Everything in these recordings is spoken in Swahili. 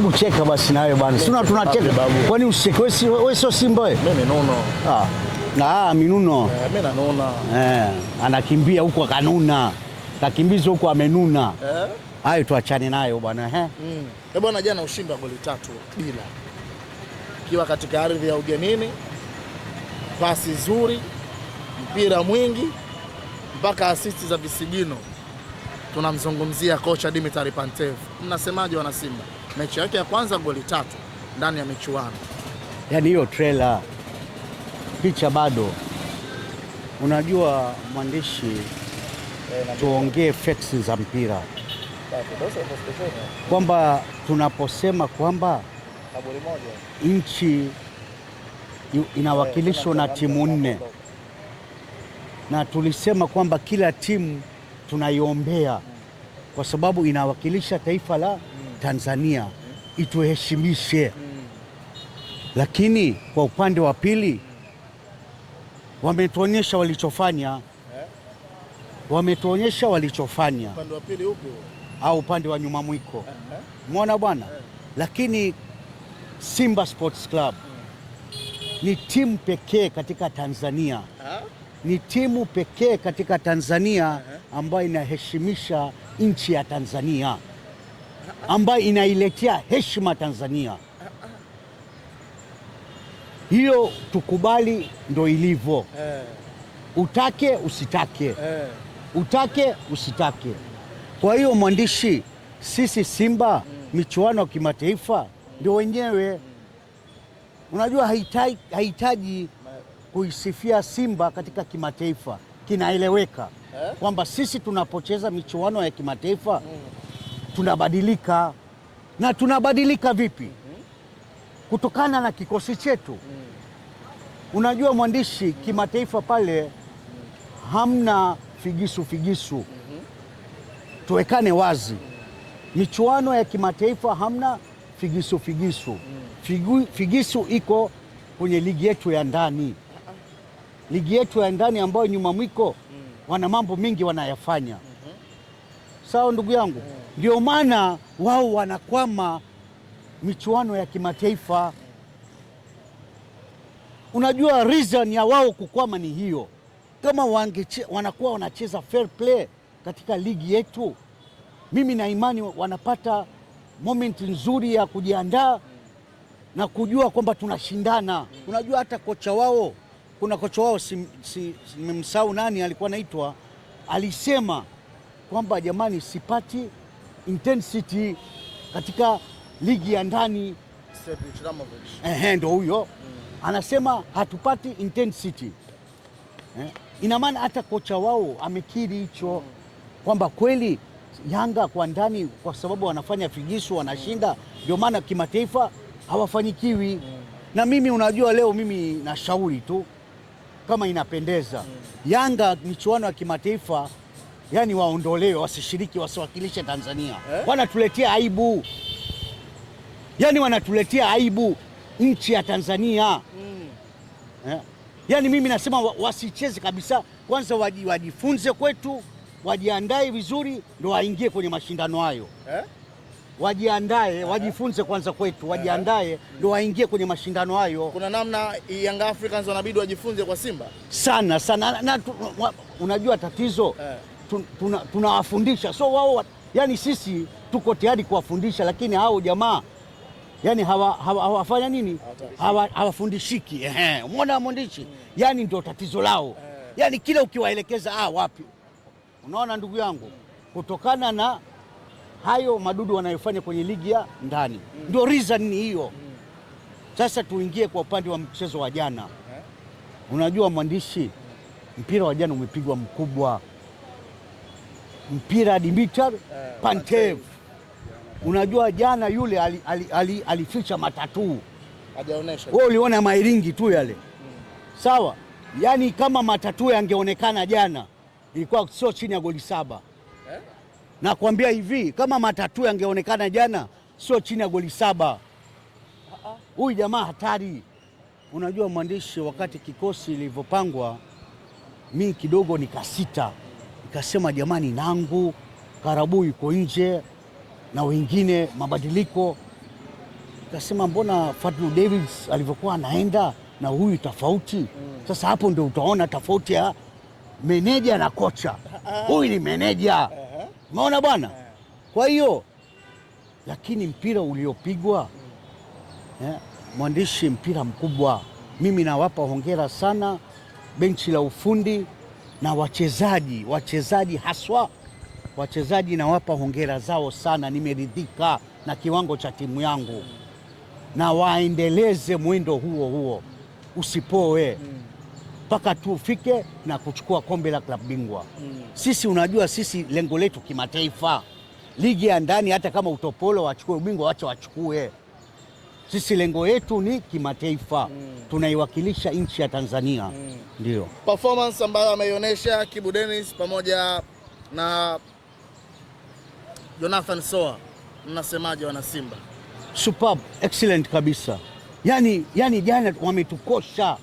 hebu cheka basi na wewe bwana, si tunacheka. Kwani usicheke wewe, sio Simba wewe? Mimi nono. Ah. Na ah, minuno. Eh, mimi Eh, anakimbia huko akanuna, kakimbiza huko amenuna. Eh. Hayo tuachane nayo bwana eh. Mm. Eh, bwana jana ushinda goli tatu bila. Kiwa katika ardhi ya ugenini, pasi zuri, mpira mwingi mpaka asisti za visigino. Tunamzungumzia kocha Dimitri Pantev. Mnasemaje wana Simba? mechi yake ya kwanza goli tatu ndani ya michuano. Yaani hiyo trela picha bado. Unajua mwandishi, eh, tuongee facts za mpira kwamba tunaposema kwamba nchi inawakilishwa na timu nne na tulisema kwamba kila timu tunaiombea kwa sababu inawakilisha taifa la Tanzania ituheshimishe, lakini kwa upande wa pili wametuonyesha walichofanya, wametuonyesha walichofanya au upande wa nyuma mwiko, mwona bwana. Lakini Simba Sports Club ni timu pekee katika Tanzania, ni timu pekee katika Tanzania ambayo inaheshimisha nchi ya Tanzania ambayo inailetea heshima Tanzania. Hiyo tukubali, ndo ilivyo. Utake usitake, utake usitake. Kwa hiyo mwandishi, sisi Simba michuano ya kimataifa ndio wenyewe. Unajua haitaji, haitaji kuisifia Simba katika kimataifa, kinaeleweka eh? kwamba sisi tunapocheza michuano ya kimataifa mm tunabadilika. Na tunabadilika vipi? Kutokana na kikosi chetu. Unajua mwandishi, kimataifa pale hamna figisu figisu, tuwekane wazi. Michuano ya kimataifa hamna figisu figisu. Figu, figisu iko kwenye ligi yetu ya ndani, ligi yetu ya ndani ambayo nyuma mwiko wana mambo mengi wanayafanya sawa ndugu yangu, ndio Maana wao wanakwama michuano ya kimataifa. Unajua reason ya wao kukwama ni hiyo. Kama wange wanakuwa wanacheza fair play katika ligi yetu, mimi na imani wanapata moment nzuri ya kujiandaa na kujua kwamba tunashindana. Unajua hata kocha wao, kuna kocha wao, si, si, si, nani alikuwa anaitwa, alisema kwamba jamani, sipati intensity katika ligi ya ndani. Ehe, ndo huyo anasema hatupati intensity eh. Ina maana hata kocha wao amekiri hicho kwamba kweli Yanga kwa ndani, kwa sababu wanafanya figisu wanashinda, ndio maana kimataifa hawafanyikiwi. Na mimi unajua, leo mimi nashauri tu kama inapendeza mm. Yanga michuano ya kimataifa yani waondolewe, wasishiriki, wasiwakilishe Tanzania eh? Wanatuletea aibu, yani wanatuletea aibu nchi ya Tanzania mm. eh? Yani mimi nasema wasicheze kabisa, kwanza wajifunze kwetu, wajiandae vizuri ndo waingie kwenye mashindano hayo eh? Wajiandae, eh? wajifunze kwanza kwetu, eh? wajiandae ndo hmm. waingie kwenye mashindano hayo. Kuna namna Young Africans wanabidi wajifunze kwa Simba sana sana na, na, unajua tatizo eh tunawafundisha tuna so wao, yani sisi tuko tayari kuwafundisha, lakini hao jamaa yani hawafanya hawa, hawa nini hawafundishiki hawa umeona mwandishi mm. yani ndio tatizo lao eh. yani kila ukiwaelekeza ah, wapi unaona ndugu yangu kutokana na hayo madudu wanayofanya kwenye ligi ya ndani mm. ndio reason ni hiyo mm. sasa tuingie kwa upande wa mchezo wa jana eh. unajua mwandishi mpira wa jana umepigwa mkubwa mpira Dimitar eh, Pantev. Unajua jana yule alificha ali, ali, ali matatuu, wewe uliona mairingi tu yale hmm. Sawa, yaani kama matatuu yangeonekana jana ilikuwa sio chini ya goli saba eh? Nakwambia hivi kama matatuu yangeonekana jana sio chini ya goli saba. Ah, ah. Huyu jamaa hatari. Unajua mwandishi, wakati kikosi ilivyopangwa mi kidogo nikasita kasema jamani, nangu karabu iko nje na wengine mabadiliko. Kasema mbona Fadlu Davids alivyokuwa anaenda na huyu tofauti. Sasa hapo ndio utaona tofauti ya meneja na kocha. Huyu ni meneja, umeona bwana. Kwa hiyo lakini mpira uliopigwa eh, mwandishi, mpira mkubwa. Mimi nawapa hongera sana benchi la ufundi na wachezaji, wachezaji haswa wachezaji, nawapa hongera zao sana. Nimeridhika na kiwango cha timu yangu, na waendeleze mwendo huo huo, usipoe mpaka tufike na kuchukua kombe la klabu bingwa. Sisi unajua, sisi lengo letu kimataifa, ligi ya ndani, hata kama utopolo wachukue ubingwa, wacha wachukue. Sisi lengo yetu ni kimataifa mm. Tunaiwakilisha nchi ya Tanzania mm. Ndio performance ambayo ameionyesha Kibu Dennis pamoja na Jonathan Soa, mnasemaje wana Simba? Superb, excellent kabisa. Yani yani jana wametukosha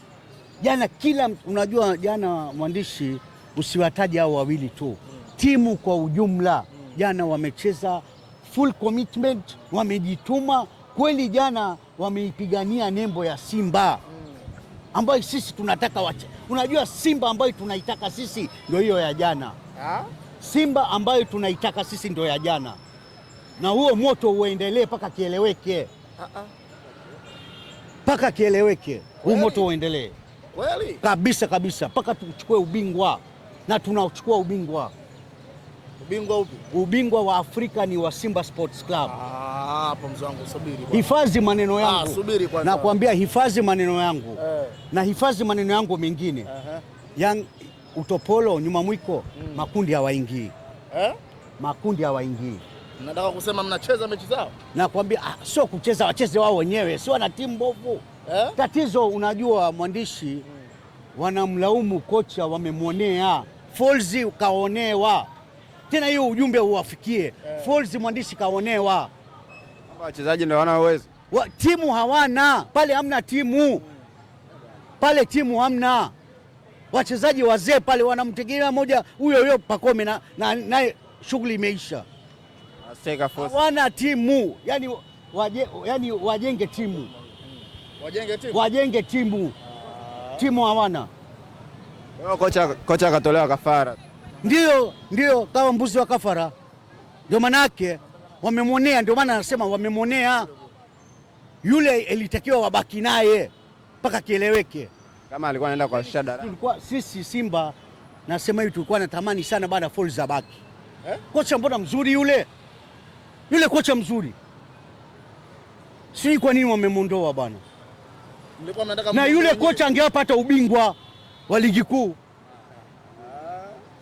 jana, kila unajua, jana mwandishi, usiwataje hao wawili tu mm. timu kwa ujumla mm. jana wamecheza full commitment, wamejituma kweli jana wameipigania nembo ya Simba ambayo sisi tunataka wache. Unajua Simba ambayo tunaitaka sisi ndio hiyo ya jana Simba ambayo tunaitaka sisi ndio ya jana, na huo moto uendelee mpaka kieleweke, uh-uh. mpaka kieleweke, huu moto uendelee kabisa kabisa mpaka tuchukue ubingwa, na tunachukua ubingwa. Ubingwa upi? Ubingwa wa Afrika ni wa Simba Sports Club. Ah hapo mzee wangu, subiri bwana. Hifadhi maneno ah, yangu. Ah, subiri Nakwambia hifadhi maneno yangu eh. Na hifadhi maneno yangu mengine uh -huh. Yang utopolo nyuma mwiko mm. Makundi hawaingii eh? Makundi hawaingii. Nataka kusema mnacheza mechi zao? Nakwambia ah, sio kucheza, wacheze wao wenyewe, si wana timu mbovu eh? Tatizo unajua mwandishi mm. Wanamlaumu kocha, wamemwonea Folzi, kaonewa tena hiyo ujumbe uwafikie eh. Folzi mwandishi kaonewa Wachezaji ndio wana uwezo, timu hawana pale, hamna timu pale, timu hamna wachezaji wazee pale wanamtegemea moja huyo huyo Pakome naye na, na, shughuli imeisha. Ah, hawana timu yani, waje, yani wajenge timu wajenge timu, wajenge timu. Timu hawana. Kocha kocha akatolewa kafara, ndio ndio, kawa mbuzi wa kafara, ndio maana yake wamemwonea, ndio maana anasema wamemwonea. Yule ilitakiwa wabaki naye mpaka kieleweke, kama alikuwa anaenda kwa shada. Tulikuwa sisi Simba, nasema hivi, tulikuwa natamani sana bana Folz abaki eh? Kocha mbona mzuri yule, yule kocha mzuri, si kwa nini wamemwondoa bwana Na yule kocha angewapata ubingwa wa ligi kuu.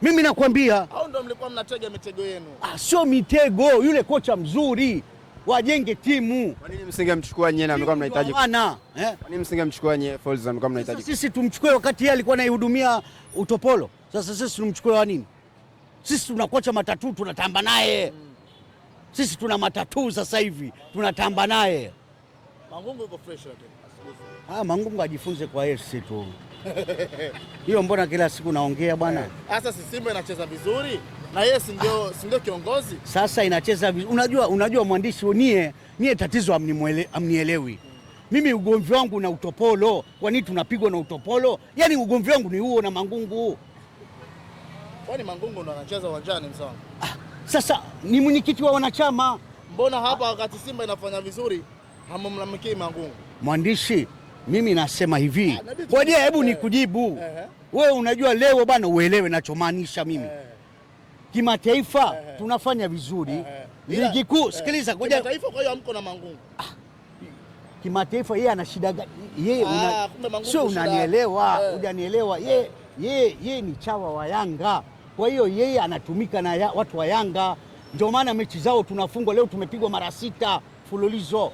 Mimi nakwambia au ndo mlikuwa mnatega mitego yenu. Ah, sio mitego, yule kocha mzuri wajenge timu. Kwa nini msingemchukua nyenye na mlikuwa mnahitaji? Eh? Kwa nini msingemchukua nyenye Folz na mlikuwa mnahitaji? Sisi tumchukue wakati yeye alikuwa anaihudumia utopolo. Sasa sisi tumchukue wa nini? Sisi tuna kocha matatu tunatamba naye. Sisi tuna matatu sasa hivi tunatamba naye. Mangungu yuko fresh lakini. Ah, Mangungu ajifunze kwa AFC tu hiyo mbona kila siku naongea bwana? Sasa si Simba inacheza vizuri na yeye si ndio kiongozi sasa, inacheza vizuri. Unajua, unajua mwandishi, nie nie tatizo amnielewi mimi ugomvi wangu na utopolo, kwani tunapigwa na utopolo? Yaani ugomvi wangu ni huo na Mangungu. Kwani Mangungu ndo anacheza uwanjani msawa? Ah, sasa ni mwenyekiti wa wanachama. Mbona hapa wakati Simba inafanya vizuri hamumlamikii Mangungu? Mwandishi, mimi nasema hivi kwa je, hebu nikujibu wewe. Unajua leo bana, uelewe nachomaanisha mimi. Kimataifa tunafanya vizuri, ligi kuu. Sikiliza, ngoja taifa. Kwa hiyo amko na Mangungu ah, kimataifa, yeye ana shida gani? Ah, sio, unanielewa? Eh. Hujanielewa? Yeye ni chawa wa Yanga, kwa hiyo yeye anatumika na ya, watu wa Yanga. Ndio maana mechi zao tunafungwa. Leo tumepigwa mara sita fululizo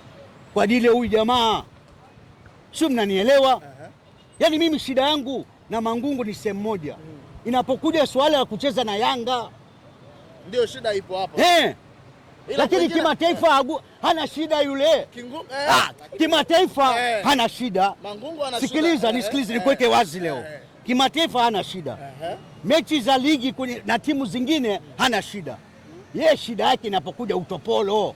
kwa ajili ya huyu jamaa sio? Mnanielewa? yani Yaani mimi shida yangu na Mangungu ni sehemu moja hmm. Inapokuja suala ya kucheza na Yanga ndio shida ipo hapo eh, lakini kimataifa hana shida yule eh, ah, kimataifa eh, hana shida Mangungu ana sikiliza eh, nisikilize eh, nikuweke wazi leo eh, kimataifa hana shida eh, mechi za ligi na timu zingine hana shida mm. Yeye shida yake inapokuja utopolo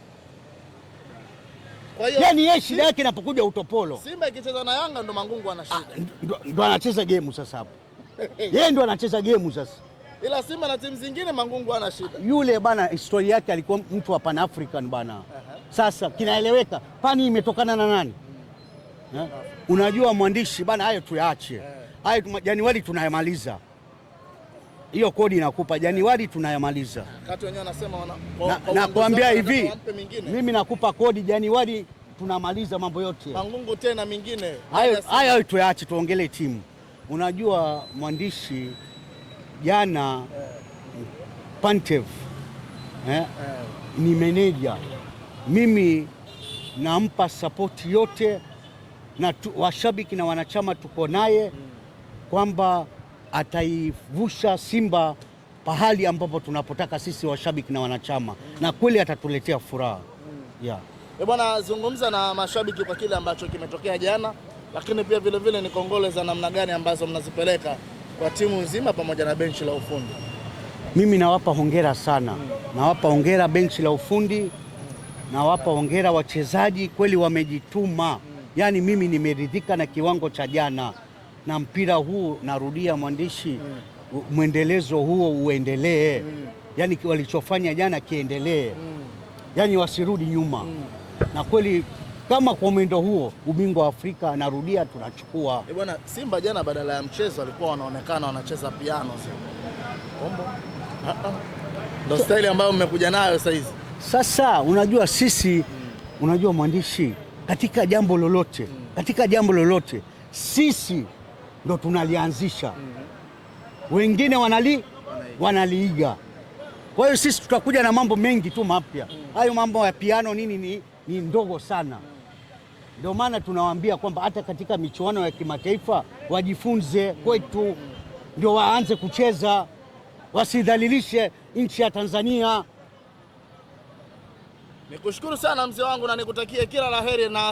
kwa hiyo yani yeye shida yake inapokuja utopolo. Simba ikicheza na Yanga ndo Mangungu ana shida. Ah, ndo anacheza gemu sasa hapo. Yeye ndo anacheza gemu sasa. Ila Simba na timu zingine Mangungu ana shida. Yule bana historia yake alikuwa mtu wa Pan African bana. Sasa kinaeleweka pani imetokana na nani? Eh? Unajua mwandishi bana, hayo tuyaache. Eh. Hayo yani wali tunayamaliza hiyo kodi inakupa Januari tunayamaliza. kuambia hivi, mimi nakupa kodi Januari tunamaliza mambo yote Mangungu tena mingine hayo tuache tuongelee timu. Unajua mwandishi jana yeah. Pantev eh, yeah. ni meneja mimi nampa sapoti yote na tu, washabiki na wanachama tuko naye mm. kwamba ataivusha Simba pahali ambapo tunapotaka sisi washabiki na wanachama mm. na kweli atatuletea furaha mm. yeah. E bwana, zungumza na mashabiki kwa kile ambacho kimetokea jana, lakini pia vilevile ni kongole za namna gani ambazo mnazipeleka kwa timu nzima pamoja na benchi la ufundi. Mimi nawapa hongera sana mm. nawapa hongera benchi la ufundi mm. nawapa hongera wachezaji, kweli wamejituma mm. yaani mimi nimeridhika na kiwango cha jana na mpira huu, narudia mwandishi, mwendelezo huo uendelee. Yani walichofanya jana kiendelee, yani wasirudi nyuma. Na kweli kama kwa mwendo huo ubingwa wa Afrika, narudia, tunachukua eh, bwana. Simba jana badala ya mchezo walikuwa wanaonekana wanacheza piano. Kombo ah, ah. ndo staili ambayo mmekuja nayo sasa hizi. Sasa unajua sisi, unajua mwandishi, katika jambo lolote, katika jambo lolote sisi ndo tunalianzisha Wengine wanali wanaliiga. Kwa hiyo sisi tutakuja na mambo mengi tu mapya hayo Mambo ya piano nini ni, ni ndogo sana ndio Maana tunawaambia kwamba hata katika michuano ya kimataifa wajifunze kwetu ndio waanze kucheza wasidhalilishe nchi ya Tanzania. Nikushukuru sana mzee wangu na nikutakie kila la heri na